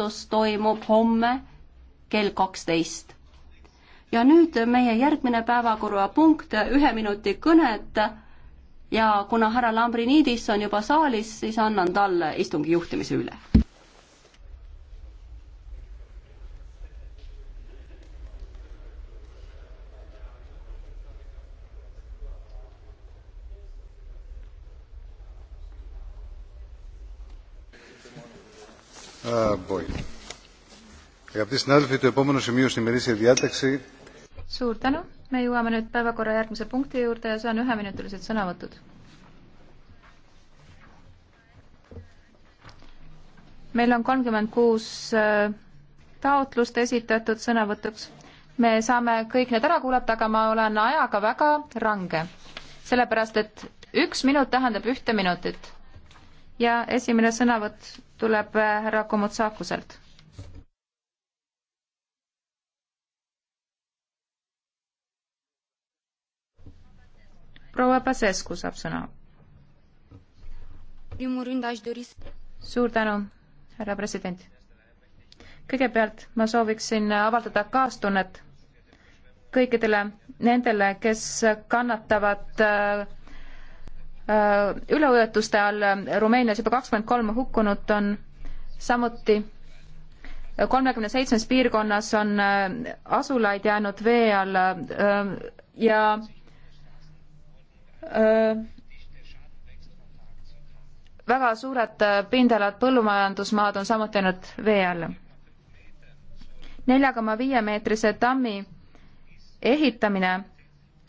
hääletus toimub homme kell kaksteist. ja nüüd meie järgmine päevakorrapunkt, ühe minuti kõned ja kuna härra Lambriniidis on juba saalis, siis annan talle istungi juhtimise üle suur tänu, me jõuame nüüd päevakorra järgmise punkti juurde ja see on üheminutilised sõnavõtud. meil on kolmkümmend kuus äh, taotlust esitatud sõnavõtuks. me saame kõik need ära kuulata, aga ma olen ajaga väga range, sellepärast et üks minut tähendab ühte minutit. ja esimene sõnavõtt tuleb äh, härra Komotsakuselt proua Pasescu saab sõna. suur tänu, härra president. kõigepealt ma sooviksin avaldada kaastunnet kõikidele nendele, kes kannatavad äh, üleujutuste all Rumeenias juba kakskümmend kolm hukkunut on, samuti kolmekümne seitsmes piirkonnas on äh, asulaid jäänud vee alla äh, ja väga suured äh, pindalad põllumajandusmaad on samuti ainult vee all. nelja koma viie meetrise tammi ehitamine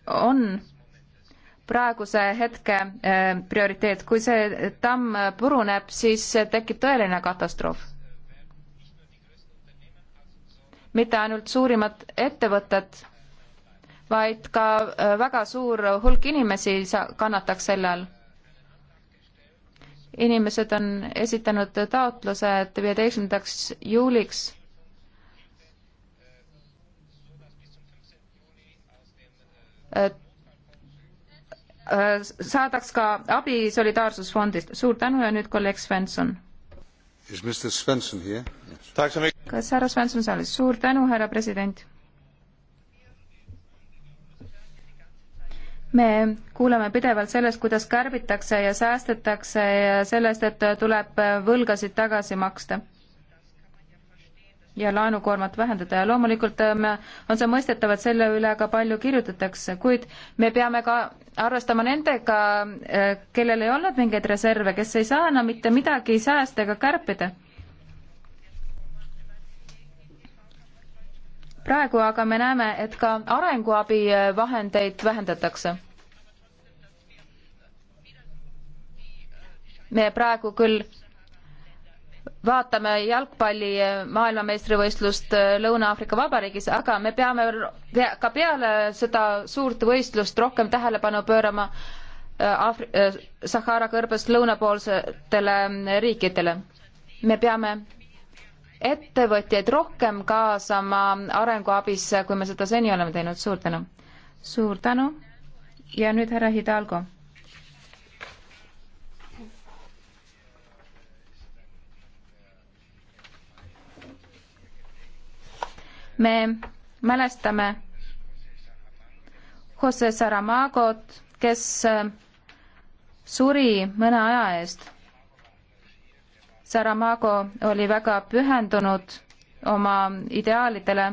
on praeguse hetke äh, prioriteet. kui see tamm puruneb, siis tekib tõeline katastroof. mitte ainult suurimad ettevõtted vaid ka äh, väga suur hulk inimesi kannataks selle all. inimesed on esitanud taotluse, et viieteistkümnendaks juuliks äh, saadaks ka abi Solidaarsusfondist. suur tänu ja nüüd kolleeg Svensson. kas härra Svensson saalis? suur tänu, härra president me kuuleme pidevalt sellest, kuidas kärbitakse ja säästetakse ja sellest, et tuleb võlgasid tagasi maksta ja laenukoormat vähendada ja loomulikult äh, me, on see mõistetav, et selle üle ka palju kirjutatakse, kuid me peame ka arvestama nendega, äh, kellel ei olnud mingeid reserve, kes ei saa enam mitte midagi säästa ega kärpida praegu aga me näeme, et ka arenguabi äh, vahendeid vähendatakse. me praegu küll vaatame jalgpalli äh, maailmameistrivõistlust äh, Lõuna-Aafrika Vabariigis, aga me peame ka peale seda suurt võistlust rohkem tähelepanu pöörama Afri-, Sahara kõrbes lõunapoolsetele riikidele. me peame ettevõtjaid rohkem kaasama arenguabisse, kui me seda seni oleme teinud. suur tänu. suur tänu. ja nüüd härra Hidalgo. me mälestame Jose Saramagot, kes suri mõne aja eest Saramago oli väga pühendunud oma ideaalidele.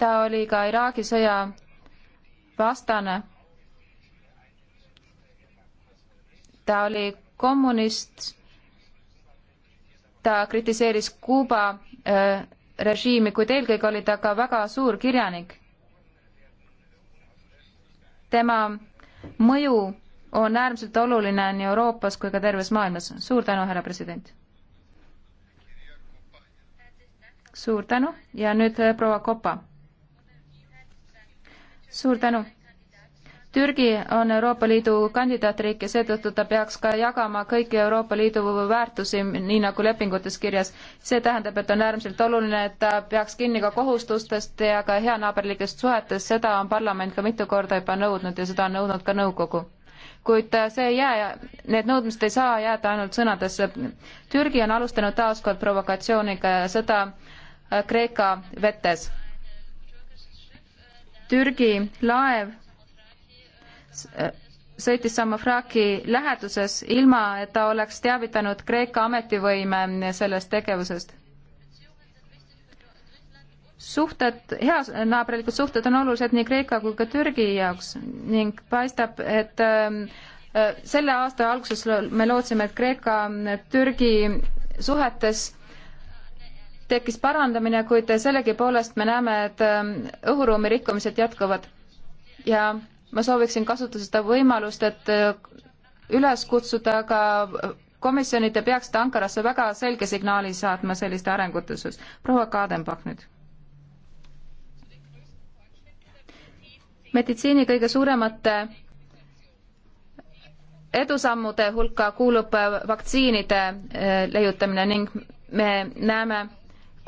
ta oli ka Iraagi sõja vastane. ta oli kommunist. ta kritiseeris Kuuba äh, režiimi, kuid eelkõige oli ta ka väga suur kirjanik. tema mõju on äärmiselt oluline nii Euroopas kui ka terves maailmas. suur tänu, härra president! suur tänu ja nüüd eh, proua Kopa. suur tänu! Türgi on Euroopa Liidu kandidaatriik ja seetõttu ta peaks ka jagama kõiki Euroopa Liidu väärtusi, nii nagu lepingutes kirjas. see tähendab, et on äärmiselt oluline, et ta peaks kinni ka kohustustest ja ka heanaaberlikest suhetest, seda on parlament ka mitu korda juba nõudnud ja seda on nõudnud ka nõukogu kuid see ei jää, need nõudmised ei saa jääda ainult sõnadesse. Türgi on alustanud taas kord provokatsiooniga ja sõda äh, Kreeka vetes. Türgi laev äh, sõitis Samofraki läheduses, ilma et ta oleks teavitanud Kreeka ametivõime sellest tegevusest suhted, heanaaberlikud suhted on olulised nii Kreeka kui ka Türgi jaoks ning paistab, et ähm, äh, selle aasta alguses me lootsime, et Kreeka-Türgi suhetes tekkis parandamine, kuid sellegipoolest me näeme, et ähm, õhuruumi rikkumised jätkuvad. ja ma sooviksin kasutada seda võimalust, et äh, üles kutsuda ka komisjonid ja peaksite Ankarasse väga selge signaali saatma selliste arengute suhtes. proua Kadenbach nüüd meditsiini kõige suuremate edusammude hulka kuulub äh, vaktsiinide äh, leiutamine ning me näeme,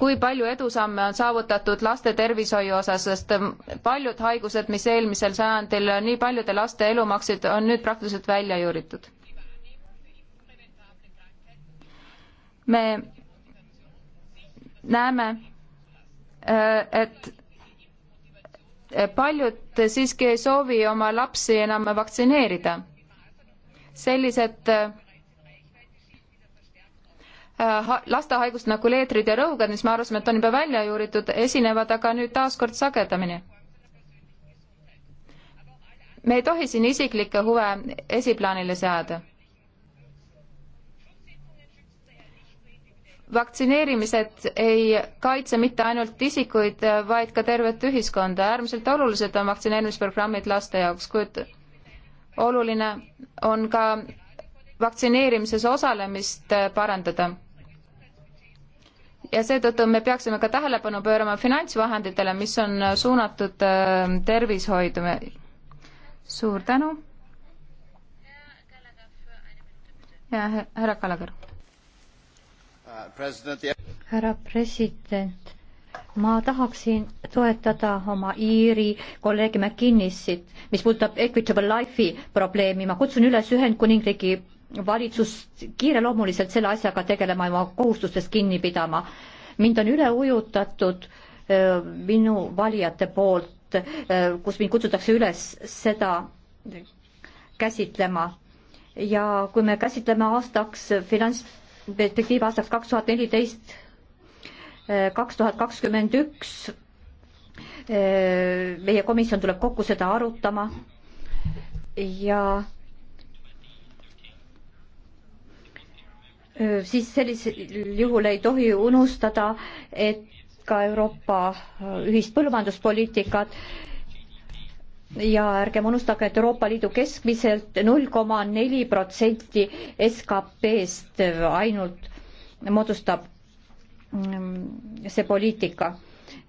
kui palju edusamme on saavutatud laste tervishoiu osas, sest äh, paljud haigused, mis eelmisel sajandil nii paljude laste elu maksid, on nüüd praktiliselt välja juuritud. me näeme, et paljud siiski ei soovi oma lapsi enam vaktsineerida. sellised äh, laste haigust nagu leetrid ja rõugad, mis me arvasime, et on juba välja juuritud, esinevad aga nüüd taaskord sagedamini. me ei tohi siin isiklikke huve esiplaanile seada vaktsineerimised ei kaitse mitte ainult isikuid, vaid ka tervet ühiskonda. äärmiselt olulised on vaktsineerimisprogrammid laste jaoks, kuid oluline on ka vaktsineerimises osalemist parandada. ja seetõttu me peaksime ka tähelepanu pöörama finantsvahenditele, mis on suunatud ähm, tervishoidu. suur tänu. ja härra Kalakõrv härra president, ma tahaksin toetada oma Iiri kolleegi McKinnisit, mis puudutab Equitable Life'i probleemi, ma kutsun üles Ühendkuningriigi valitsust kiireloomuliselt selle asjaga tegelema ja oma kohustustest kinni pidama. mind on üle ujutatud minu valijate poolt, kus mind kutsutakse üles seda käsitlema. ja kui me käsitleme aastaks finants perspektiiv aastaks kaks tuhat neliteist, eh, kaks tuhat kakskümmend üks. Eh, meie komisjon tuleb kokku seda arutama ja eh, siis sellisel juhul ei tohi unustada, et ka Euroopa ühist põllumajanduspoliitikat ja ärgem unustage, et Euroopa Liidu keskmiselt null koma neli protsenti SKP-st ainult moodustab mm, see poliitika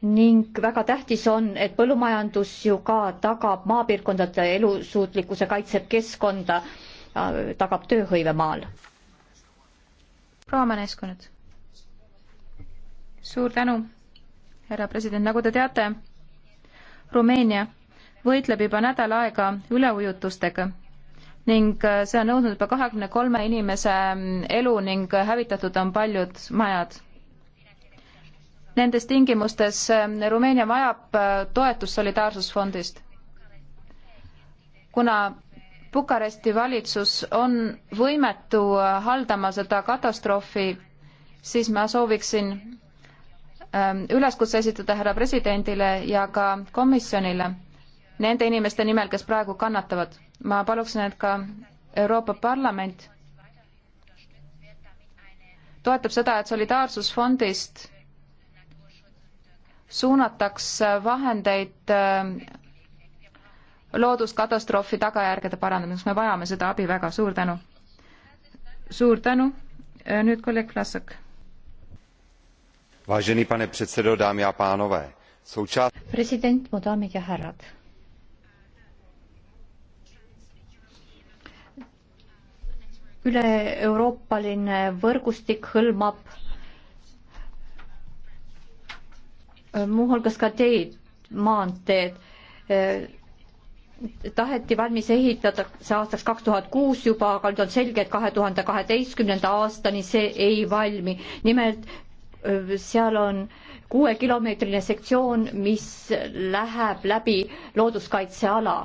ning väga tähtis on, et põllumajandus ju ka tagab maapiirkondade elusuutlikkuse, kaitseb keskkonda, tagab tööhõive maal. proua Mänesko nüüd. suur tänu, härra president, nagu te teate, Rumeenia võitleb juba nädal aega üleujutustega ning äh, see on nõudnud juba kahekümne kolme inimese mm, elu ning hävitatud on paljud majad. Nendes tingimustes mm, Rumeenia vajab äh, toetust Solidaarsusfondist. kuna Bukaresti valitsus on võimetu äh, haldama seda katastroofi, siis ma sooviksin ähm, üleskutse esitada härra presidendile ja ka komisjonile nende inimeste nimel, kes praegu kannatavad. ma paluksin, et ka Euroopa Parlament toetab seda, et Solidaarsusfondist suunataks vahendeid äh, looduskatastroofi tagajärgede parandamiseks, me vajame seda abi väga, suur tänu. suur tänu, äh, nüüd kolleeg Vlasak. Vážený pane předsedo, dámy a pánové, součást... President, mu dámy ja härrad üle-euroopaline võrgustik hõlmab muuhulgas ka teid, maanteed. taheti valmis ehitada see aastaks kaks tuhat kuus juba, aga nüüd on selge, et kahe tuhande kaheteistkümnenda aastani see ei valmi. nimelt seal on kuuekilomeetrine sektsioon, mis läheb läbi looduskaitseala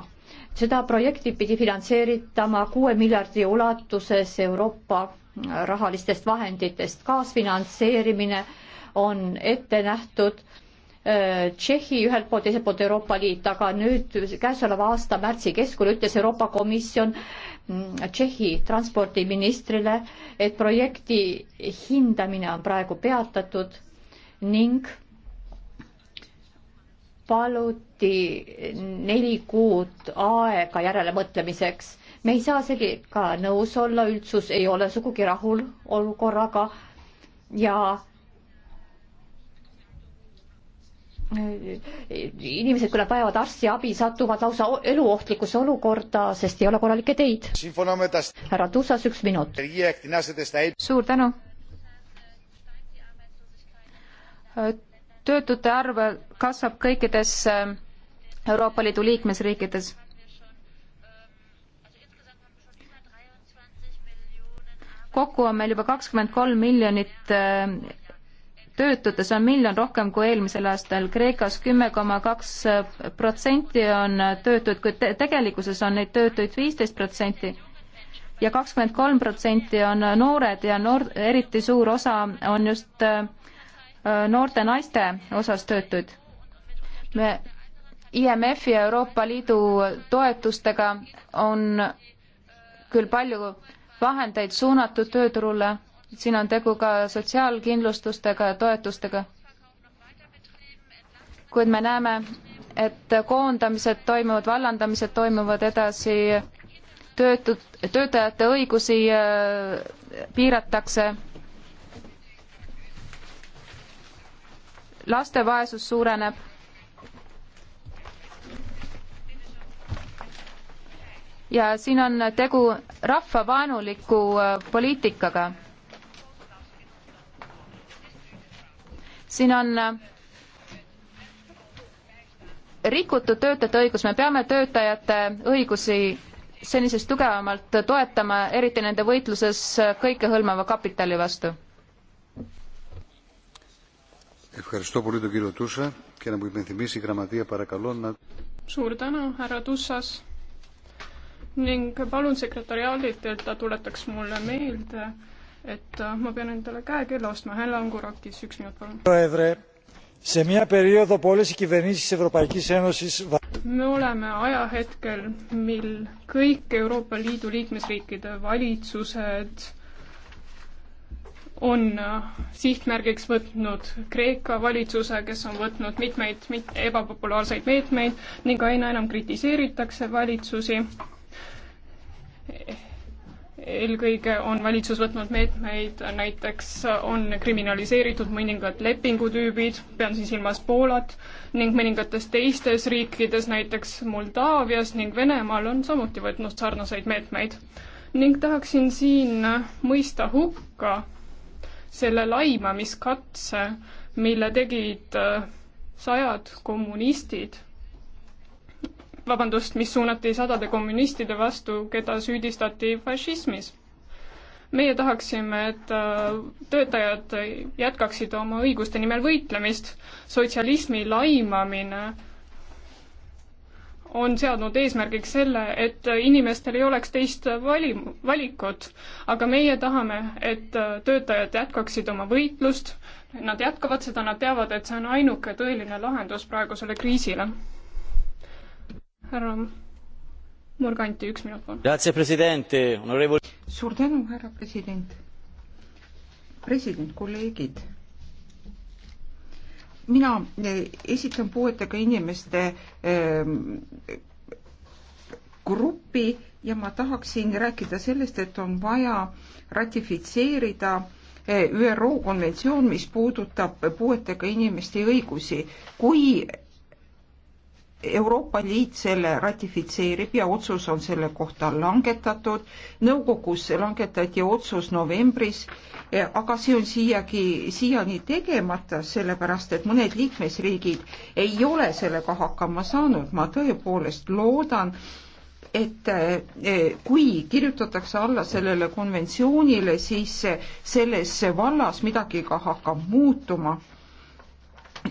seda projekti pidi finantseeritama kuue miljardi ulatuses Euroopa äh, rahalistest vahenditest. kaasfinantseerimine on ette nähtud äh, Tšehhi ühelt poolt, teiselt poolt Euroopa Liit, aga nüüd käesoleva aasta märtsi keskul ütles Euroopa Komisjon mm, Tšehhi transpordiministrile, et projekti hindamine on praegu peatatud ning paluti neli kuud aega järelemõtlemiseks. me ei saa sellega nõus olla, üldsus ei ole sugugi rahul olukorraga ja inimesed, kui nad vajavad arstiabi, satuvad lausa eluohtlikusse olukorda, sest ei ole korralikke teid. härra Tussas, üks minut. suur tänu töötute arv kasvab kõikides äh, Euroopa Liidu liikmesriikides. kokku on meil juba kakskümmend kolm miljonit äh, töötutes on miljon rohkem kui eelmisel aastal Kreekas, Kreekas kümme koma kaks protsenti on äh, töötuid, kuid tegelikkuses on neid töötuid viisteist protsenti ja kakskümmend kolm protsenti on noored ja noor, eriti suur osa on just äh, Äh, noorte naiste osas töötuid. me IMF-i ja Euroopa Liidu toetustega on küll palju vahendeid suunatud tööturule, siin on tegu ka sotsiaalkindlustustega ja toetustega. kuid me näeme, et koondamised toimuvad, vallandamised toimuvad edasi, töötud, töötajate õigusi äh, piiratakse laste vaesus suureneb. ja siin on tegu rahvavaenuliku äh, poliitikaga. siin on äh, rikutud töötajate õigus, me peame töötajate õigusi senisest tugevamalt toetama, eriti nende võitluses kõikehõlmava kapitali vastu suur tänu, härra Tussas ning palun sekretäriaadilt, et ta tuletaks mulle meelde, et ma pean endale käekella ostma. härra Angurakis, üks minut palun. me oleme ajahetkel, mil kõik Euroopa Liidu liikmesriikide valitsused on äh, sihtmärgiks võtnud Kreeka valitsuse, kes on võtnud mitmeid mit, ebapopulaarseid meetmeid ning aina enam kritiseeritakse valitsusi. eelkõige on valitsus võtnud meetmeid, näiteks on kriminaliseeritud mõningad lepingutüübid, pean siin silmas Poolat, ning mõningates teistes riikides, näiteks Moldaavias ning Venemaal on samuti võtnud sarnaseid meetmeid. ning tahaksin siin mõista hukka selle laimamiskatse, mille tegid äh, sajad kommunistid, vabandust, mis suunati sadade kommunistide vastu, keda süüdistati fašismis. meie tahaksime, et äh, töötajad jätkaksid oma õiguste nimel võitlemist, sotsialismi laimamine on seadnud eesmärgiks selle, et inimestel ei oleks teist vali, valikut, aga meie tahame, et töötajad jätkaksid oma võitlust, nad jätkavad seda, nad teavad, et see on ainuke tõeline lahendus praegusele kriisile. härra Morganti, üks minut palun. suur tänu, härra president. president, kolleegid mina eh, esitan puuetega inimeste eh, grupi ja ma tahaksin rääkida sellest, et on vaja ratifitseerida eh, ÜRO konventsioon, mis puudutab puuetega inimeste õigusi. kui Euroopa Liit selle ratifitseerib ja otsus on selle kohta langetatud. nõukogus langetati otsus novembris, eh, aga see on siiagi, siiani tegemata, sellepärast et mõned liikmesriigid ei ole sellega hakkama saanud. ma tõepoolest loodan, et eh, kui kirjutatakse alla sellele konventsioonile, siis eh, selles vallas midagi ka hakkab muutuma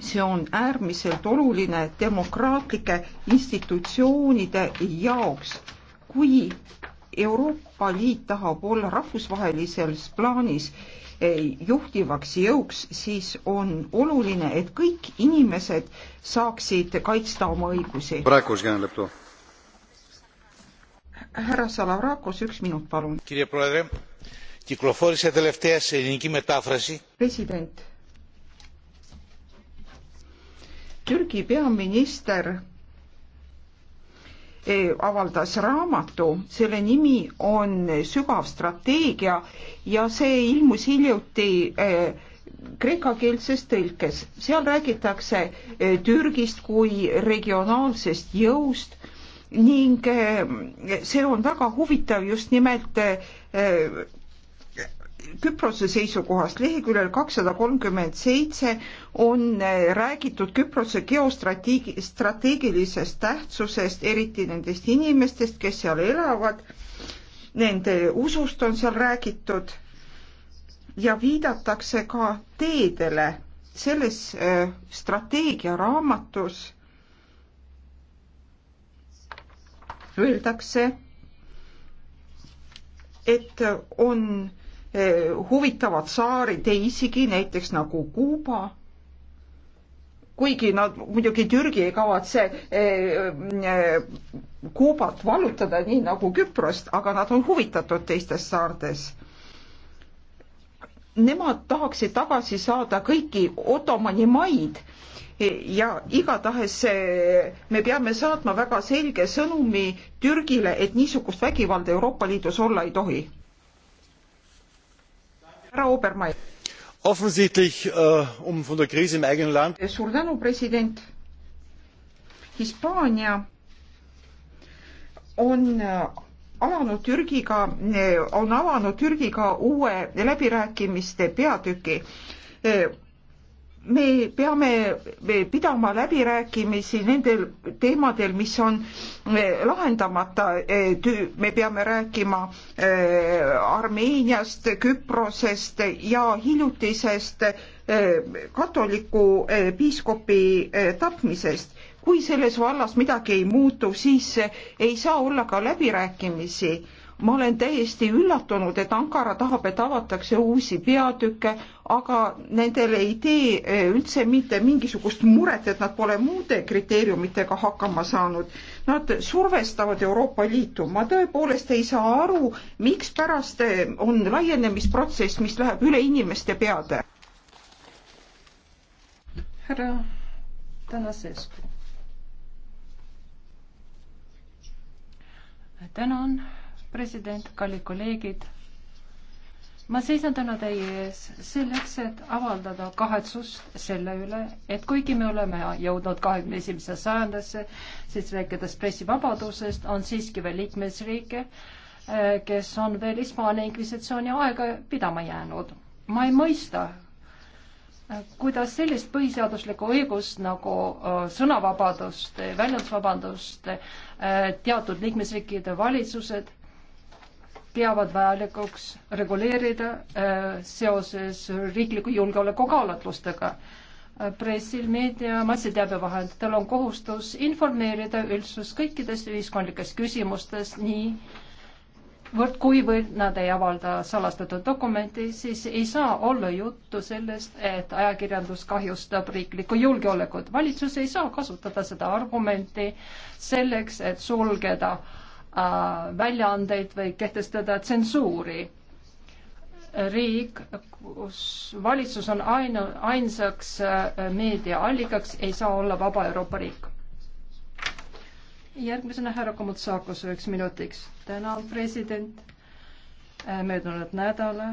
see on äärmiselt oluline demokraatlike institutsioonide jaoks. kui Euroopa Liit tahab olla rahvusvahelises plaanis eh, juhtivaks jõuks, siis on oluline, et kõik inimesed saaksid kaitsta oma õigusi. härra Salavrakos, üks minut, palun. president Türgi peaminister eh, avaldas raamatu, selle nimi on Sügav strateegia ja see ilmus hiljuti eh, kreekakeelses tõlkes. seal räägitakse eh, Türgist kui regionaalsest jõust ning see on väga huvitav just nimelt Küprose seisukohast leheküljel kakssada kolmkümmend seitse on eh, räägitud Küprose geostrateegilisest tähtsusest, eriti nendest inimestest, kes seal elavad. Nende usust on seal räägitud ja viidatakse ka teedele selles eh, strateegiaraamatus öeldakse, et on Eh, huvitavad saari teisigi, näiteks nagu Kuuba kuigi nad muidugi Türgi ei kavatse eh, eh, Kuubat vallutada nii nagu Küprost, aga nad on huvitatud teistes saartes. Nemad tahaksid tagasi saada kõiki Ottomani maid ja igatahes me peame saatma väga selge sõnumi Türgile, et niisugust vägivalda Euroopa Liidus olla ei tohi härra Obermaier. Offensichtlich uh, um von der Krise im eigenen Land. suur tänu, president. Hispaania on äh, alanud Türgiga, äh, on avanud Türgiga uue läbirääkimiste peatüki me peame pidama läbirääkimisi nendel teemadel, mis on eh, lahendamata. Eh, me peame rääkima eh, Armeeniast, Küprosest ja hiljutisest katoliku piiskopi tapmisest. kui selles vallas midagi ei muutu, siis ei saa olla ka läbirääkimisi ma olen täiesti üllatunud, et Ankara tahab, et avatakse uusi peatükke, aga nendele ei tee e, üldse mitte mingisugust muret, et nad pole muude kriteeriumitega hakkama saanud. Nad survestavad Euroopa Liitu. ma tõepoolest ei saa aru, mikspärast e, on laienemisprotsess, mis läheb üle inimeste peade. härra Tänasescu. tänan president, kallid kolleegid. ma seisan täna teie ees selleks, et avaldada kahetsust selle üle, et kuigi me oleme jõudnud kahekümne esimesse sajandisse, siis rääkides pressivabadusest, on siiski veel liikmesriike, äh, kes on veel Hispaania inkvisitsiooni aega pidama jäänud. ma ei mõista, äh, kuidas sellist põhiseaduslikku õigust nagu äh, sõnavabadust, väljendusvabadust teatud liikmesriikide valitsused peavad vajalikuks reguleerida äh, seoses riikliku julgeoleku kaalutlustega. Äh, pressil, meedia, massiteabevahendajatel on kohustus informeerida üldsust kõikidest ühiskondlikest küsimustest, nii võrd, kuivõrd nad ei avalda salastatud dokumenti, siis ei saa olla juttu sellest, et ajakirjandus kahjustab riiklikku julgeolekut. valitsus ei saa kasutada seda argumenti selleks, et sulgeda äh, Äh, väljaandeid või kehtestada tsensuuri. riik, kus valitsus on ainu, ainsaks äh, meediaallikaks, ei saa olla vaba Euroopa riik. järgmisena härra Komotsakos üheks minutiks. tänan, president. Äh, möödunud nädala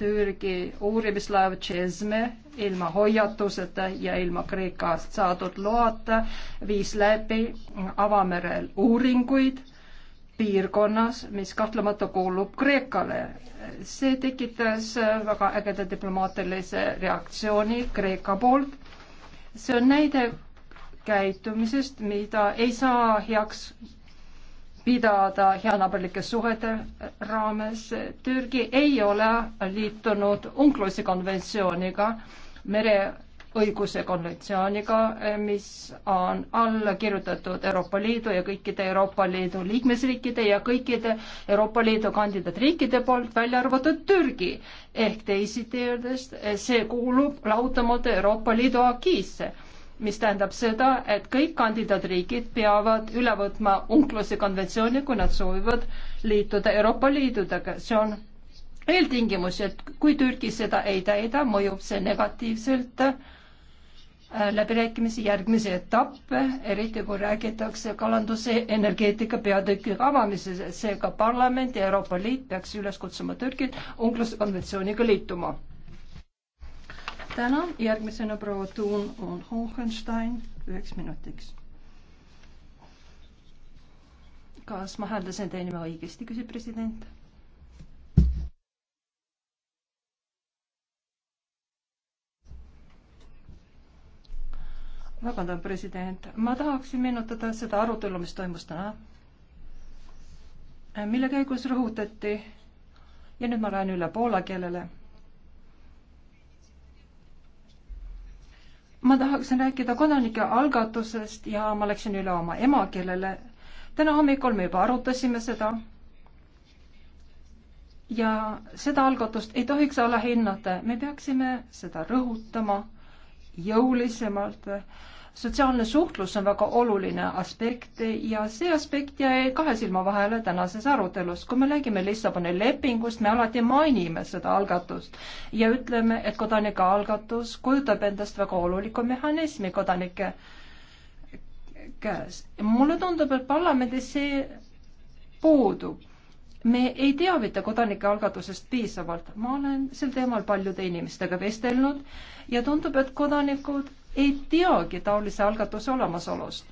Türgi uurimislaev Cesme ilma hoiatuseta ja ilma Kreekast saadud loata viis läbi avamerel uuringuid piirkonnas, mis kahtlemata kuulub Kreekale. see tekitas väga ägeda diplomaatilise reaktsiooni Kreeka poolt. see on näide käitumisest, mida ei saa heaks pidada heanabelike suhete raames. Türgi ei ole liitunud UNCLOS-i konventsiooniga, mereõiguse konventsiooniga, mis on alla kirjutatud Euroopa Liidu ja kõikide Euroopa Liidu liikmesriikide ja kõikide Euroopa Liidu kandidaatriikide poolt, välja arvatud Türgi. ehk teisiti öeldes, see kuulub lahutamatu Euroopa Liidu agiisse mis tähendab seda, et kõik kandidaatriigid peavad üle võtma UNCLOS-i konventsiooni, kui nad soovivad liituda Euroopa Liidudega. see on eeltingimus, et kui Türgi seda ei täida, mõjub see negatiivselt äh, läbirääkimisi järgmisi etappe, eriti kui räägitakse kalanduse energeetika peatüki avamises, seega parlament ja Euroopa Liit peaks üles kutsuma Türgit UNCLOS konventsiooniga liituma tänan, järgmisena proua Tuun on Hohenstein üheks minutiks. kas ma hääldasin teie nime õigesti, küsib president vabandan, president, ma tahaksin meenutada seda arutelu, mis toimus täna, mille käigus rõhutati ja nüüd ma lähen üle poola keelele ma tahaksin rääkida kodanike algatusest ja ma läksin üle oma emakeelele. täna hommikul me juba arutasime seda. ja seda algatust ei tohiks alahinnata, me peaksime seda rõhutama jõulisemalt sotsiaalne suhtlus on väga oluline aspekt ja see aspekt jäi kahe silma vahele tänases arutelus. kui me räägime Lissaboni lepingust, me alati mainime seda algatust ja ütleme, et kodanikualgatus kujutab endast väga oluliku mehhanismi kodanike käes. mulle tundub, et parlamendis see puudub me ei teavita kodanikealgatusest piisavalt. ma olen sel teemal paljude inimestega vestelnud ja tundub, et kodanikud ei teagi taolise algatuse olemasolust.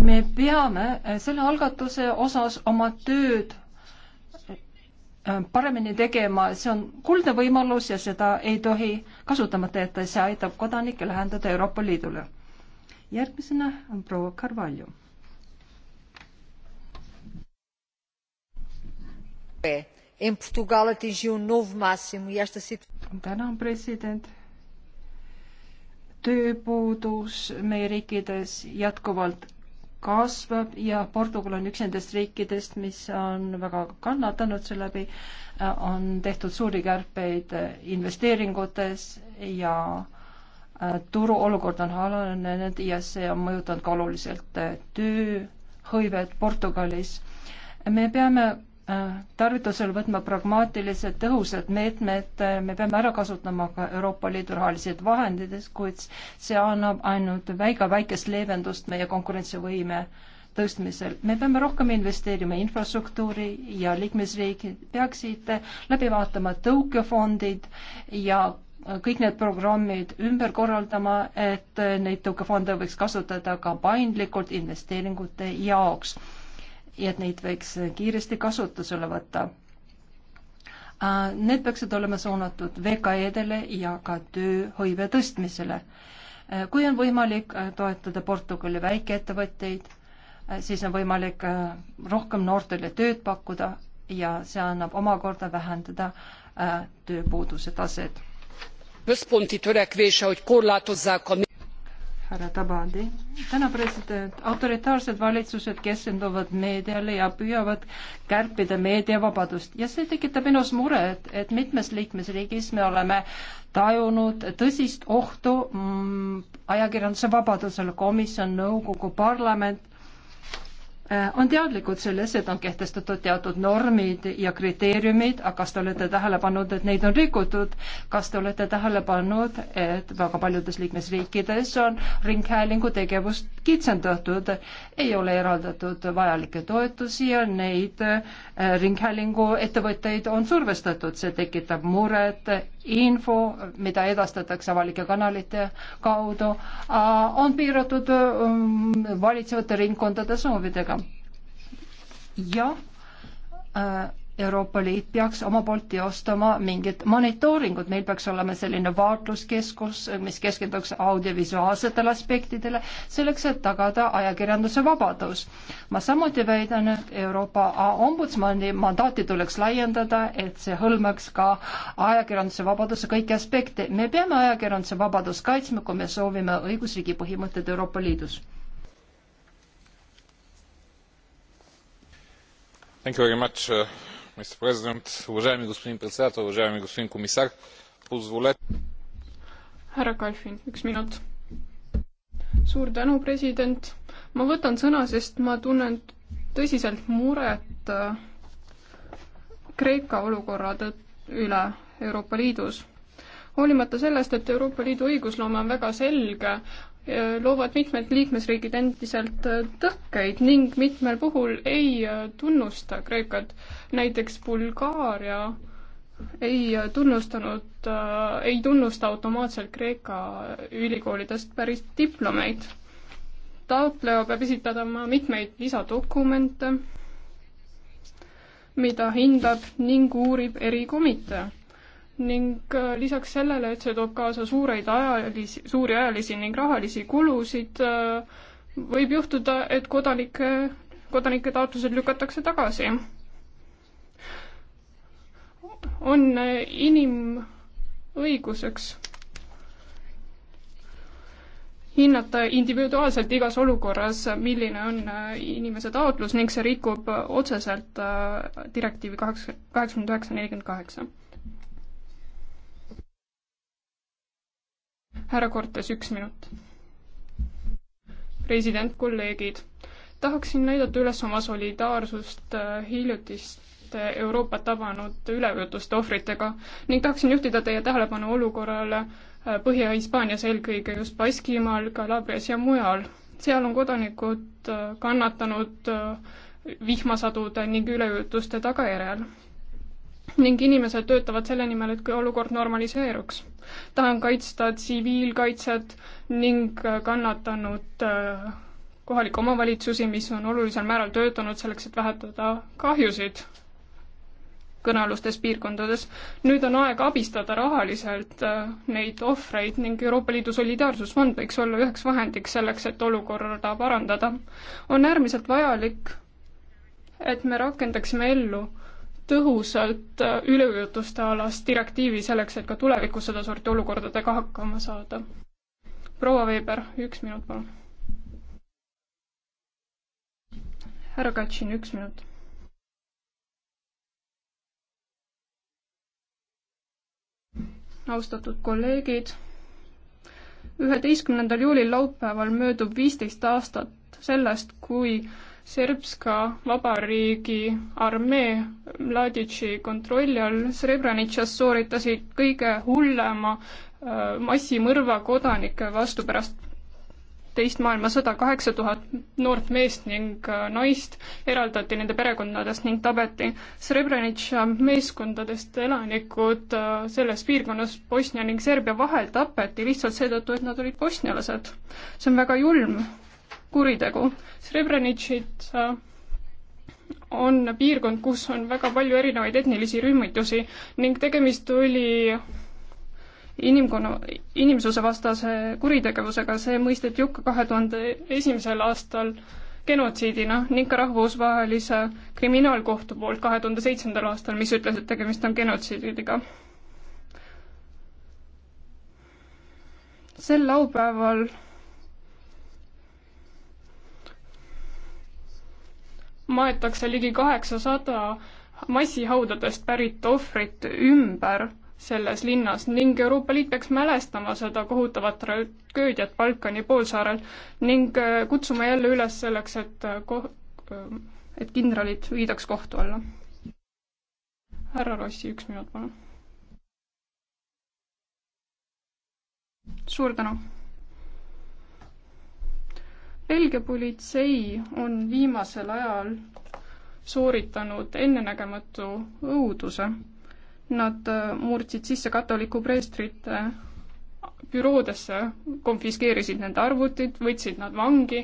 me peame selle algatuse osas oma tööd äh, paremini tegema, see on kuldne võimalus ja seda ei tohi kasutamata jätta, see aitab kodanikke lähendada Euroopa Liidule. järgmisena on proua Carvalho. Em Portugal atingiu um novo máximo e esta situação. Tänan, president tööpuudus meie riikides jätkuvalt kasvab ja Portugal on üks nendest riikidest, mis on väga kannatanud seeläbi, on tehtud suuri kärpeid investeeringutes ja äh, turuolukord on halvenenud ja see on mõjutanud ka oluliselt äh, tööhõivet Portugalis. me peame tarvitusel võtma pragmaatilised tõhusad meetmed, me peame ära kasutama ka Euroopa Liidu rahalised vahendid, kuid see annab ainult väga väikest leevendust meie konkurentsivõime tõstmisel. me peame rohkem investeerima infrastruktuuri ja liikmesriigid peaksid läbi vaatama tõukefondid ja kõik need programmid ümber korraldama, et neid tõukefonde võiks kasutada ka paindlikult investeeringute jaoks ja et neid võiks kiiresti kasutusele võtta. Äh, need peaksid olema suunatud VKE-dele ja ka tööhõive tõstmisele. Äh, kui on võimalik äh, toetada Portugali väikeettevõtteid, siis on võimalik rohkem noortele tööd pakkuda ja see annab omakorda vähendada tööpuuduse taset. központi törekvése hogy korlátozzák a härra Tabadi. täna president, autoritaarsed valitsused keskenduvad meediale ja püüavad kärpida meediavabadust ja see tekitab minus muret, et mitmes liikmesriigis me oleme tajunud tõsist ohtu mm, ajakirjanduse vabadusele, komisjon, nõukogu, parlament Äh, on teadlikud selles, et on kehtestatud teatud normid ja kriteeriumid, aga kas te olete tähele pannud, et neid on rikutud, kas te olete tähele pannud, et väga paljudes liikmesriikides on ringhäälingu tegevust kitsendatud, ei ole eraldatud vajalikke toetusi ja neid äh, ringhäälingu ettevõtteid on survestatud, see tekitab muret info, mida edastatakse avalike kanalite kaudu, äh, on piiratud ähm, valitsevate ringkondade soovidega. jah äh, Euroopa Liit peaks oma poolt teostama mingit monitooringut, meil peaks olema selline vaatluskeskus, mis keskenduks audiovisuaalsetele aspektidele, selleks et tagada ajakirjanduse vabadus. ma samuti väidan, et Euroopa ombudsmani mandaati tuleks laiendada, et see hõlmaks ka ajakirjanduse vabaduse kõiki aspekte. me peame ajakirjanduse vabadust kaitsma, kui me soovime õigusriigi põhimõtteid Euroopa Liidus Thank you very much, uh, mr president уважаеми господин председател уважаеми господин комисар позволете härra Kalfin, üks minut. suur tänu, president. ma võtan sõna, sest ma tunnen tõsiselt muret äh, Kreeka olukorra üle Euroopa Liidus. hoolimata sellest, et Euroopa Liidu õigusloome on väga selge, loovad mitmed liikmesriigid endiselt äh, tõkkeid ning mitmel puhul ei äh, tunnusta Kreekat. näiteks Bulgaaria ei äh, tunnustanud, ei tunnusta automaatselt Kreeka ülikoolidest päris diplomeid. taotleja peab esitama mitmeid lisadokumente, mida hindab ning uurib erikomitee ning äh, lisaks sellele, et see toob kaasa suureid ajalisi, suuri ajalisi ning rahalisi kulusid, äh, võib juhtuda, et kodanike, kodanike taotlused lükatakse tagasi. on äh, inimõiguseks hinnata individuaalselt igas olukorras, milline on inimese taotlus ning see rikub otseselt direktiivi kaheksa, kaheksakümmend üheksa, nelikümmend kaheksa härra Cortes, üks minut. president, kolleegid, tahaksin näidata üles oma solidaarsust äh, hiljutist Euroopat tabanud üleujutuste ohvritega ning tahaksin juhtida teie tähelepanu olukorrale äh, Põhja-Hispaanias eelkõige just Baskimaal, Kalabrias ja mujal. seal on kodanikud äh, kannatanud vihmasadude ning üleujutuste tagajärjel ning inimesed töötavad selle nimel, et olukord normaliseeruks. tahan kaitsta tsiviilkaitset ning äh, kannatanud äh, kohalikke omavalitsusi, mis on olulisel määral töötanud selleks, et vähendada kahjusid kõnealustes piirkondades. nüüd on aeg abistada rahaliselt äh, neid ohvreid ning Euroopa Liidu solidaarsusfond võiks olla üheks vahendiks selleks, et olukorda parandada. on äärmiselt vajalik, et me rakendaksime ellu tõhusalt äh, üleujutuste alast direktiivi selleks, et ka tulevikus sedasorti olukordadega hakkama saada. proua Veber, üks minut, palun. härra Katšin, üks minut. austatud kolleegid, üheteistkümnendal juulil laupäeval möödub viisteist aastat sellest, kui Serbska Vabariigi armee Mladici kontrolli all Srebrenitšas sooritasid kõige hullema äh, massimõrva kodanike vastu pärast teist maailmasõda kaheksa tuhat noort meest ning äh, naist eraldati nende perekondadest ning tabeti. Srebrenica meeskondadest elanikud äh, selles piirkonnas Bosnia ning Serbia vahel tapeti lihtsalt seetõttu, et nad olid bosnialased. see on väga julm kuritegu. Srebrenitšit äh, on piirkond, kus on väga palju erinevaid etnilisi rühmitusi ning tegemist oli inimkonna, inimsusevastase kuritegevusega, see mõisteti hukka kahe tuhande esimesel aastal genotsiidina ning ka rahvusvahelise kriminaalkohtu poolt kahe tuhande seitsmendal aastal, mis ütles, et tegemist on genotsiidiga. sel laupäeval maetakse ligi kaheksasada massihaudadest pärit ohvrit ümber selles linnas ning Euroopa Liit peaks mälestama seda kohutavat tragöödiat Balkani poolsaarel ning äh, kutsuma jälle üles selleks, et äh, ko-, äh, et kindralid viidaks kohtu alla. härra Rossi, üks minut, palun. suur tänu Belgia politsei on viimasel ajal sooritanud ennenägematu õuduse. Nad äh, murdsid sisse katoliku preestrite äh, büroodesse, konfiskeerisid nende arvutid, võtsid nad vangi,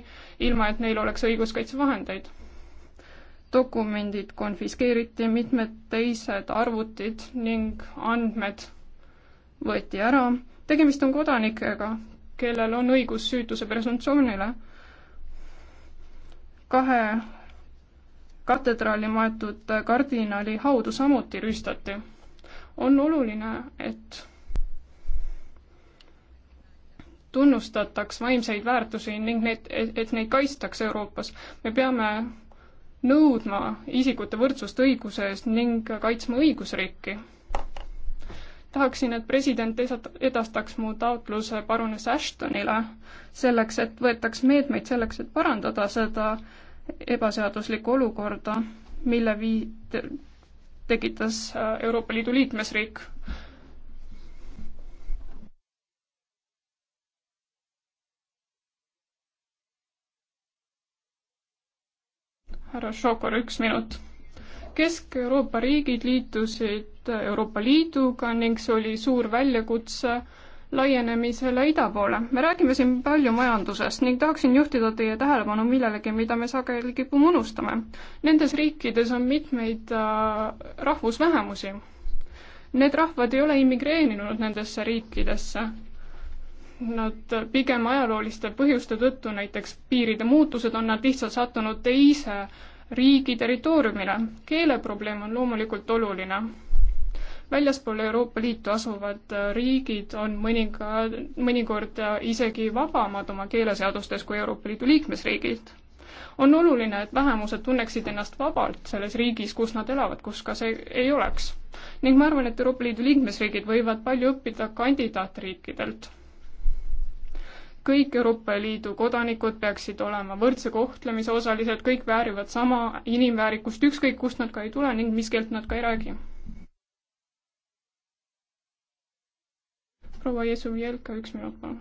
ilma et neil oleks õiguskaitsevahendeid. dokumendid konfiskeeriti, mitmed teised arvutid ning andmed võeti ära. tegemist on kodanikega, kellel on õigus süütuse presumptsioonile kahe katedraali maetud kardinali haudu samuti rüüstati. on oluline, et tunnustataks vaimseid väärtusi ning neid, et neid kaitstakse Euroopas. me peame nõudma isikute võrdsust õiguse eest ning kaitsma õigusriiki. tahaksin, et president edastaks mu taotluse parunes Ashtonile selleks, et võetaks meetmeid selleks, et parandada seda äh, ebaseaduslikku olukorda, mille vii-, tekitas äh, Euroopa Liidu liikmesriik. härra Šokor, üks minut. Kesk-Euroopa riigid liitusid Euroopa Liiduga ning see oli suur väljakutse äh, laienemisele ida poole. me räägime siin palju majandusest ning tahaksin juhtida teie tähelepanu millelegi, mida me sageli kipume unustama. Nendes riikides on mitmeid äh, rahvusvähemusi. Need rahvad ei ole immigreerinud nendesse riikidesse. Nad äh, pigem ajalooliste põhjuste tõttu, näiteks piiride muutused, on nad lihtsalt sattunud teise riigi territooriumile. keeleprobleem on loomulikult oluline väljaspool Euroopa Liitu asuvad äh, riigid on mõninga, mõnikord äh, isegi vabamad oma keeleseadustes kui Euroopa Liidu liikmesriigid. on oluline, et vähemused tunneksid ennast vabalt selles riigis, kus nad elavad, kus ka see ei oleks. ning ma arvan, et Euroopa Liidu liikmesriigid võivad palju õppida kandidaatriikidelt kõik Euroopa Liidu kodanikud peaksid olema võrdse kohtlemise osalised, kõik väärivad sama inimväärikust, ükskõik kust nad ka ei tule ning mis keelt nad ka ei räägi. proua Jesu Jelka, üks minut, palun.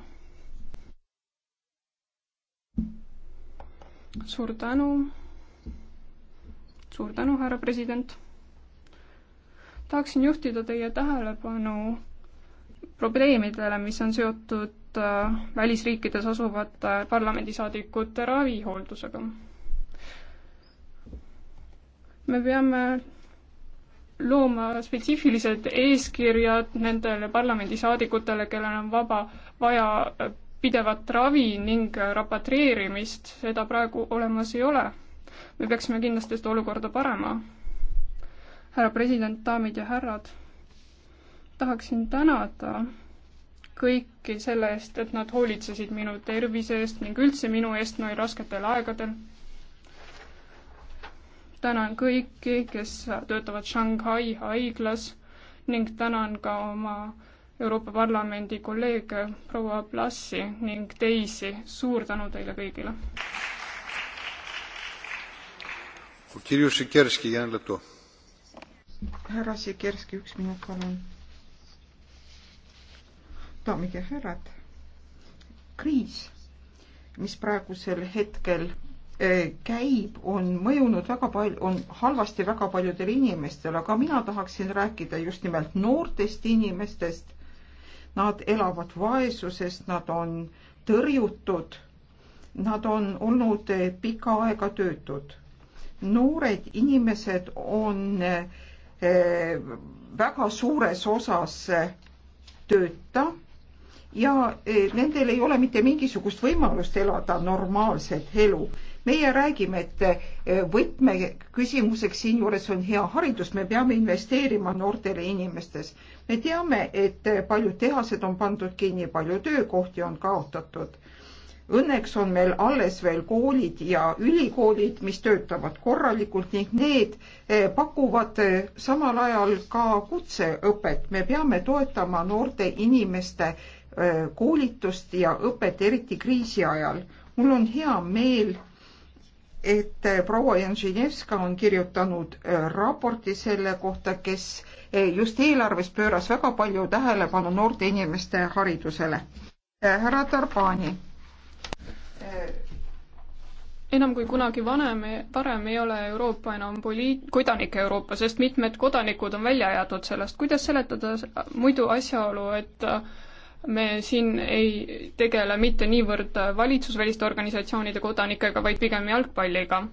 suur tänu. suur tänu, härra president. tahaksin juhtida teie tähelepanu probleemidele, mis on seotud äh, välisriikides asuvate parlamendisaadikute ravihooldusega. me peame looma spetsiifilised eeskirjad nendele parlamendisaadikutele, kellel on vaba, vaja pidevat ravi ning rapatreerimist, seda praegu olemas ei ole. me peaksime kindlasti seda olukorda parema. härra president, daamid ja härrad, tahaksin tänada kõiki selle eest, et nad hoolitsesid minu tervise eest ning üldse minu eest neil rasketel aegadel tänan kõiki, kes töötavad Shanghai haiglas ning tänan ka oma Euroopa Parlamendi kolleege proua Plassi ning teisi. suur tänu teile kõigile. härra Sikerski, üks minut, palun. daamid ja härrad, kriis, mis praegusel hetkel Eh, käib, on mõjunud väga palju, on halvasti väga paljudele inimestele, aga mina tahaksin rääkida just nimelt noortest inimestest. Nad elavad vaesuses, nad on tõrjutud, nad on olnud eh, pikka aega töötud. noored inimesed on eh, väga suures osas tööta ja nendel ei ole mitte mingisugust võimalust elada normaalset elu meie räägime, et eh, võtmeküsimuseks siinjuures on hea haridus, me peame investeerima noortele inimestes. me teame, et paljud tehased on pandud kinni, palju töökohti on kaotatud. Õnneks on meil alles veel koolid ja ülikoolid, mis töötavad korralikult ning need eh, pakuvad eh, samal ajal ka kutseõpet. me peame toetama noorte inimeste koolitust ja õpet, eriti kriisi ajal. mul on hea meel et äh, proua Janšinevska on kirjutanud äh, raporti selle kohta, kes äh, just eelarves pööras väga palju tähelepanu noorte inimeste haridusele. härra Tarbani. enam kui kunagi vanem, varem ei ole Euroopa enam poliit-, kodanik Euroopa, sest mitmed kodanikud on välja jäetud sellest. kuidas seletada muidu asjaolu, et me siin ei tegele mitte niivõrd valitsusväliste organisatsioonide kodanikega, vaid pigem jalgpalliga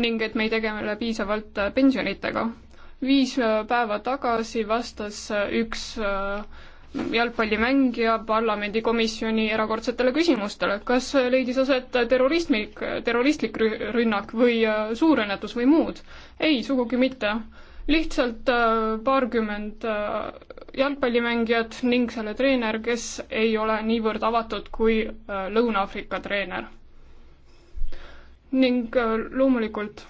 ning et me ei tegele piisavalt pensionitega. viis päeva tagasi vastas üks äh, jalgpallimängija parlamendikomisjoni erakordsetele küsimustele, kas leidis aset terrorismik, terroristlik rünnak või äh, suurõnnetus või muud. ei, sugugi mitte lihtsalt äh, paarkümmend äh, jalgpallimängijat ning selle treener, kes ei ole niivõrd avatud kui äh, Lõuna-Aafrika treener. ning loomulikult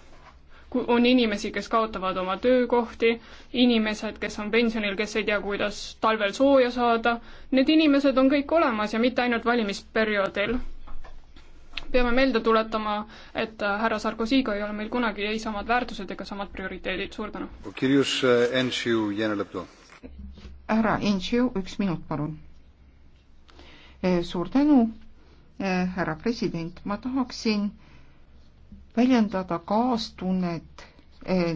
on inimesi, kes kaotavad oma töökohti, inimesed, kes on pensionil, kes ei tea, kuidas talvel sooja saada, need inimesed on kõik olemas ja mitte ainult valimisperioodil peame meelde tuletama, et äh, härra Sarkozyga ei ole meil kunagi ei samad väärtused ega samad prioriteedid, suur tänu. kirjus äh, Enšiu, Jene Lepto. härra Enšiu, üks minut, palun. Äh, suur tänu, härra president, ma tahaksin väljendada kaastunnet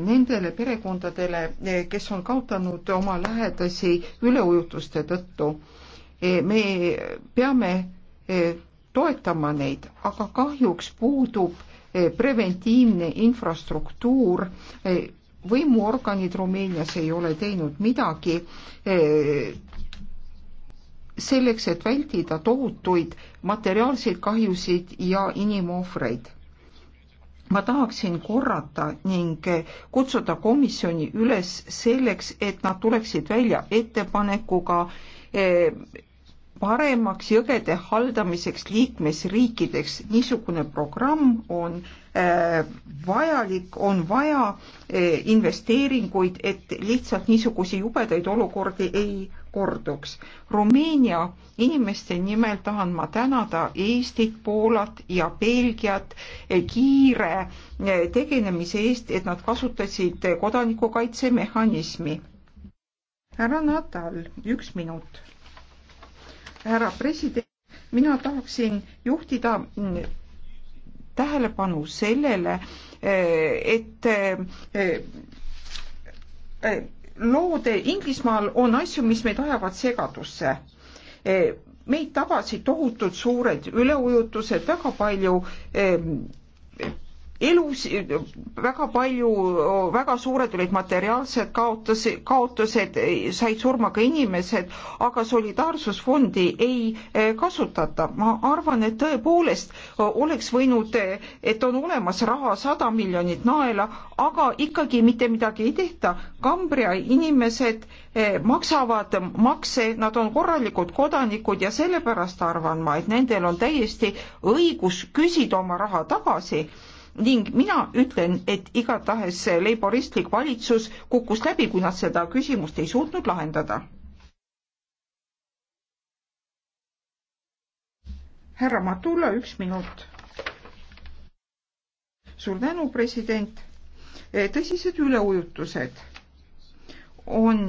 nendele perekondadele, kes on kaotanud oma lähedasi üleujutuste tõttu. me peame toetama neid, aga kahjuks puudub eh, preventiivne infrastruktuur. Eh, võimuorganid Rumeenias ei ole teinud midagi eh, selleks, et vältida tohutuid materiaalseid kahjusid ja inimohvreid. ma tahaksin korrata ning kutsuda komisjoni üles selleks, et nad tuleksid välja ettepanekuga paremaks jõgede haldamiseks liikmesriikideks. niisugune programm on äh, vajalik, on vaja äh, investeeringuid, et lihtsalt niisuguseid jubedaid olukordi ei korduks. Rumeenia inimeste nimel tahan ma tänada Eestit, Poolat ja Belgiat äh, kiire tegenemise eest, et nad kasutasid kodanikukaitsemehhanismi. härra Natal, üks minut härra president, mina tahaksin juhtida mm, tähelepanu sellele, eh, et eh, eh, lood Inglismaal on asju, mis meid ajavad segadusse. meid tabasid tohutult suured üleujutused, väga palju elus väga palju, väga suured olid materiaalsed kaotusi, kaotused, said surma ka inimesed, aga solidaarsusfondi ei eh, kasutata. ma arvan, et tõepoolest eh, oleks võinud, eh, et on olemas raha sada miljonit naela, aga ikkagi mitte midagi ei tehta. Kambria inimesed maksavad makse, nad on korralikud kodanikud ja sellepärast arvan ma, et nendel on täiesti õigus küsida oma raha tagasi ning mina ütlen, et igatahes leiboristlik valitsus kukkus läbi, kui nad seda küsimust ei suutnud lahendada. härra Matula, üks minut. suur tänu, president. Eh, tõsised üleujutused on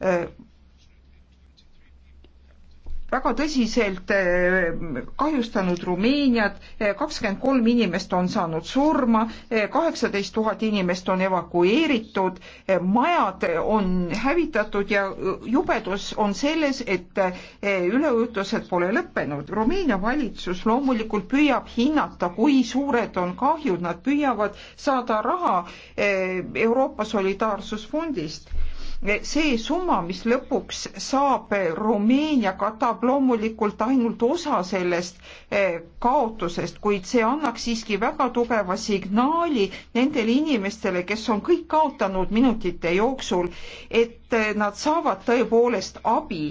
eh, väga tõsiselt eh, kahjustanud Rumeeniat, eh, kakskümmend kolm inimest on saanud surma, eh, kaheksateist tuhat inimest on evakueeritud, majad on hävitatud ja jubedus on selles, et üleujutused pole lõppenud. Rumeenia valitsus loomulikult püüab hinnata, kui suured on kahjud, nad püüavad saada raha Euroopa Solidaarsusfondist see summa, mis lõpuks saab, Rumeenia katab loomulikult ainult osa sellest eh, kaotusest, kuid see annaks siiski väga tugeva signaali nendele inimestele, kes on kõik kaotanud minutite jooksul, et eh, nad saavad tõepoolest abi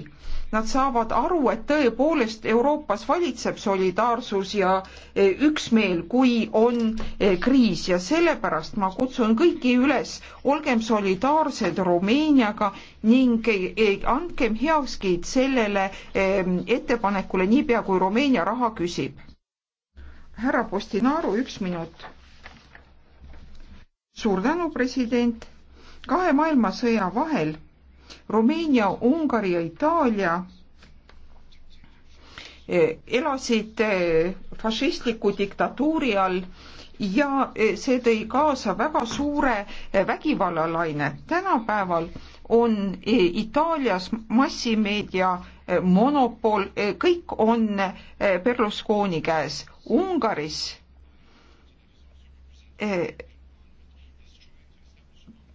nad saavad aru, et tõepoolest Euroopas valitseb solidaarsus ja e, üksmeel, kui on e, kriis ja sellepärast ma kutsun kõiki üles, olgem solidaarsed Rumeeniaga ning e, andkem heakskiit sellele ettepanekule niipea, kui Rumeenia raha küsib. härra Postinaru, üks minut. suur tänu, president. kahe maailmasõja vahel Rumeenia, Ungari ja Itaalia eh, elasid eh, fašistliku diktatuuri all ja eh, see tõi kaasa väga suure vägivallalaine. tänapäeval on Itaalias massimeedia monopol, kõik on Berlusconi käes. Ungaris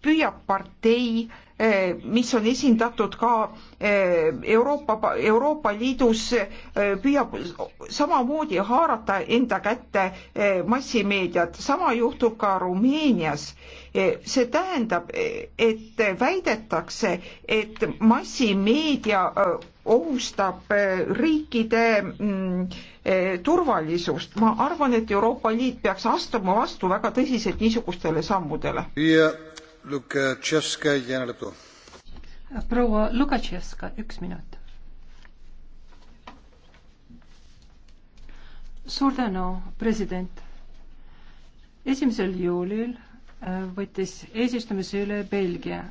püüab partei Eh, mis on esindatud ka eh, Euroopa, Euroopa Liidus, eh, püüab samamoodi haarata enda kätte massimeediat, sama juhtub ka Rumeenias. see tähendab, et väidetakse, et massimeedia ohustab riikide mm, turvalisust. ma arvan, et Euroopa Liit peaks astuma vastu väga tõsiselt niisugustele sammudele yeah proua Lukatševska, üks minut. suur tänu, president. esimesel juulil äh, võttis eesistumise üle Belgia.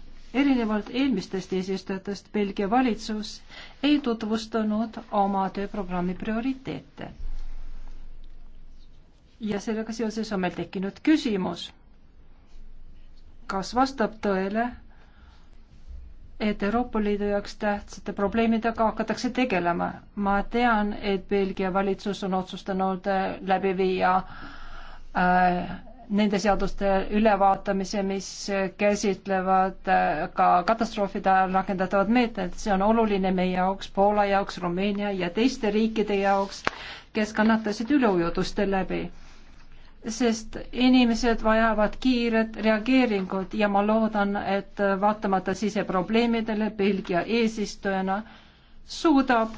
erinevalt eelmistest eesistujatest Belgia valitsus ei tutvustanud oma tööprogrammi prioriteete. ja sellega seoses on meil tekkinud küsimus kas vastab tõele, et Euroopa Liidu jaoks tähtsate probleemidega hakatakse tegelema. ma tean, et Belgia valitsus on otsustanud äh, läbi viia äh, nende seaduste ülevaatamise, mis käsitlevad äh, ka katastroofide ajal rakendatavad meetmed. see on oluline meie jaoks, Poola jaoks, Rumeenia ja teiste riikide jaoks, kes kannatasid üleujutuste läbi sest inimesed vajavad kiiret reageeringut ja ma loodan, et vaatamata siseprobleemidele Belgia eesistujana suudab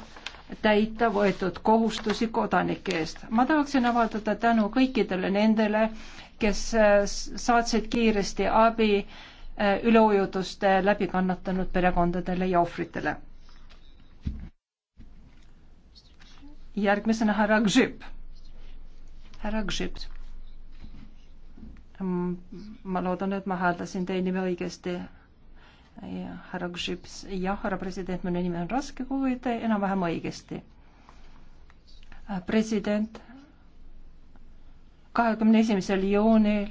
täita võetud kohustusi kodanike eest. ma tahaksin avaldada tänu kõikidele nendele, kes äh, saatsid kiiresti abi äh, üleujutuste läbi kannatanud perekondadele ja ohvritele. järgmisena härra Gžip. härra Gžip ma loodan, et ma hääldasin teie nime õigesti. härra Gžips, jah, härra president, minu nimi on raske kuulda, enam-vähem õigesti. president, kahekümne esimesel juunil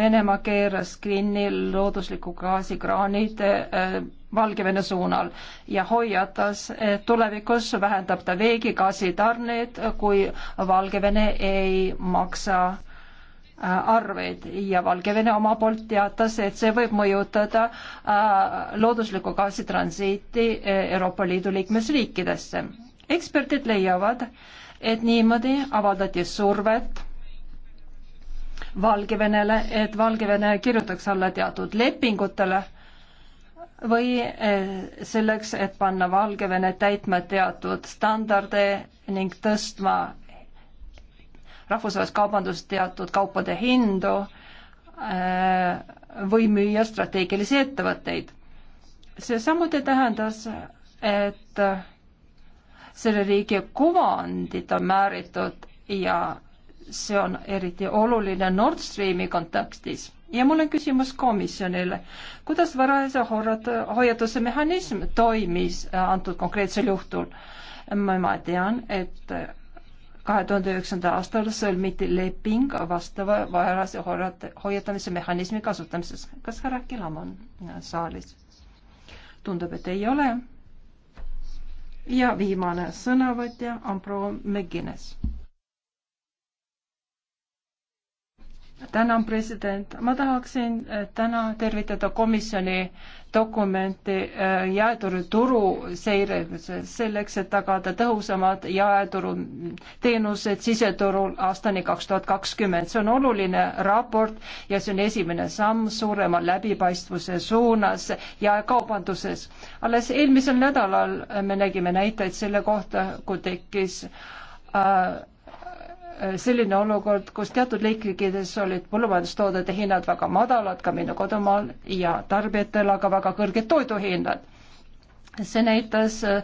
Venemaa keeras kinni loodusliku gaasi kraanid äh, Valgevene suunal ja hoiatas, et tulevikus vähendab ta veegi gaasitarneid, kui Valgevene ei maksa Äh, arveid ja Valgevene oma poolt teatas, et see võib mõjutada äh, loodusliku gaasi transiiti äh, Euroopa Liidu liikmesriikidesse. eksperdid leiavad, et niimoodi avaldati survet Valgevenele, et Valgevene kirjutaks alla teatud lepingutele või selleks, et panna Valgevene täitma teatud standarde ning tõstma rahvusvahelist kaubandust, teatud kaupade hindu äh, või müüa strateegilisi ettevõtteid. see samuti tähendas, et selle riigi kuvandid on määritud ja see on eriti oluline Nord Streami kontekstis. ja mul on küsimus komisjonile, kuidas varajase hoiatuse mehhanism toimis antud konkreetsel juhtul? ma tean, et kahe tuhande üheksanda aastal sõlmiti leping vastava varase hoiatamise mehhanismi kasutamises. kas härra Kelam on äh, saalis? tundub, et ei ole. ja viimane sõnavõtja on proua Megines. tänan, president. ma tahaksin äh, täna tervitada komisjoni dokumenti äh, jaeturuturu seiremises selleks, et tagada tõhusamad jaeturu teenused siseturul aastani kaks tuhat kakskümmend. see on oluline raport ja see on esimene samm suurema läbipaistvuse suunas jaekaubanduses. alles eelmisel nädalal me nägime näiteid selle kohta, kui tekkis äh, selline olukord, kus teatud liikrikides olid põllumajandustoodete hinnad väga madalad ka minu kodumaal ja tarbijatel aga väga kõrged toiduhinnad. see näitas äh,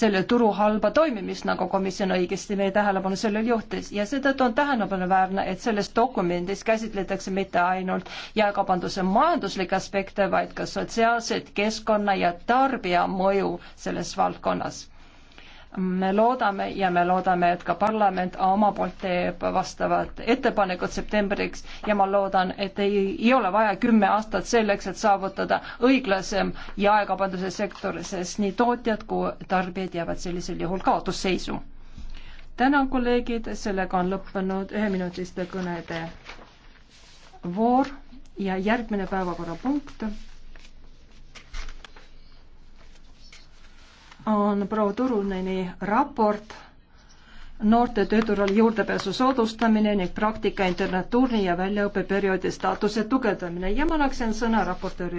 selle turu halba toimimist, nagu komisjon õigesti meie tähelepanu sellele juhtis ja seetõttu on tähelepanuväärne, et selles dokumendis käsitletakse mitte ainult jaekaubanduse majanduslikke aspekte, vaid ka sotsiaalseid, keskkonna ja tarbija mõju selles valdkonnas me loodame ja me loodame, et ka parlament oma poolt teeb vastavad ettepanekud septembriks ja ma loodan, et ei, ei ole vaja kümme aastat selleks, et saavutada õiglasem jaekaubanduse sektor, sest nii tootjad kui tarbijad jäävad sellisel juhul kaotusseisu. tänan, kolleegid, sellega on lõppenud üheminutiste kõnede voor ja järgmine päevakorrapunkt on proua Turuneni raport noorte tööturul juurdepääsu soodustamine ning praktika internatuuri ja väljaõppeperioodi staatuse tugevdamine ja ma annaksin sõna raportööri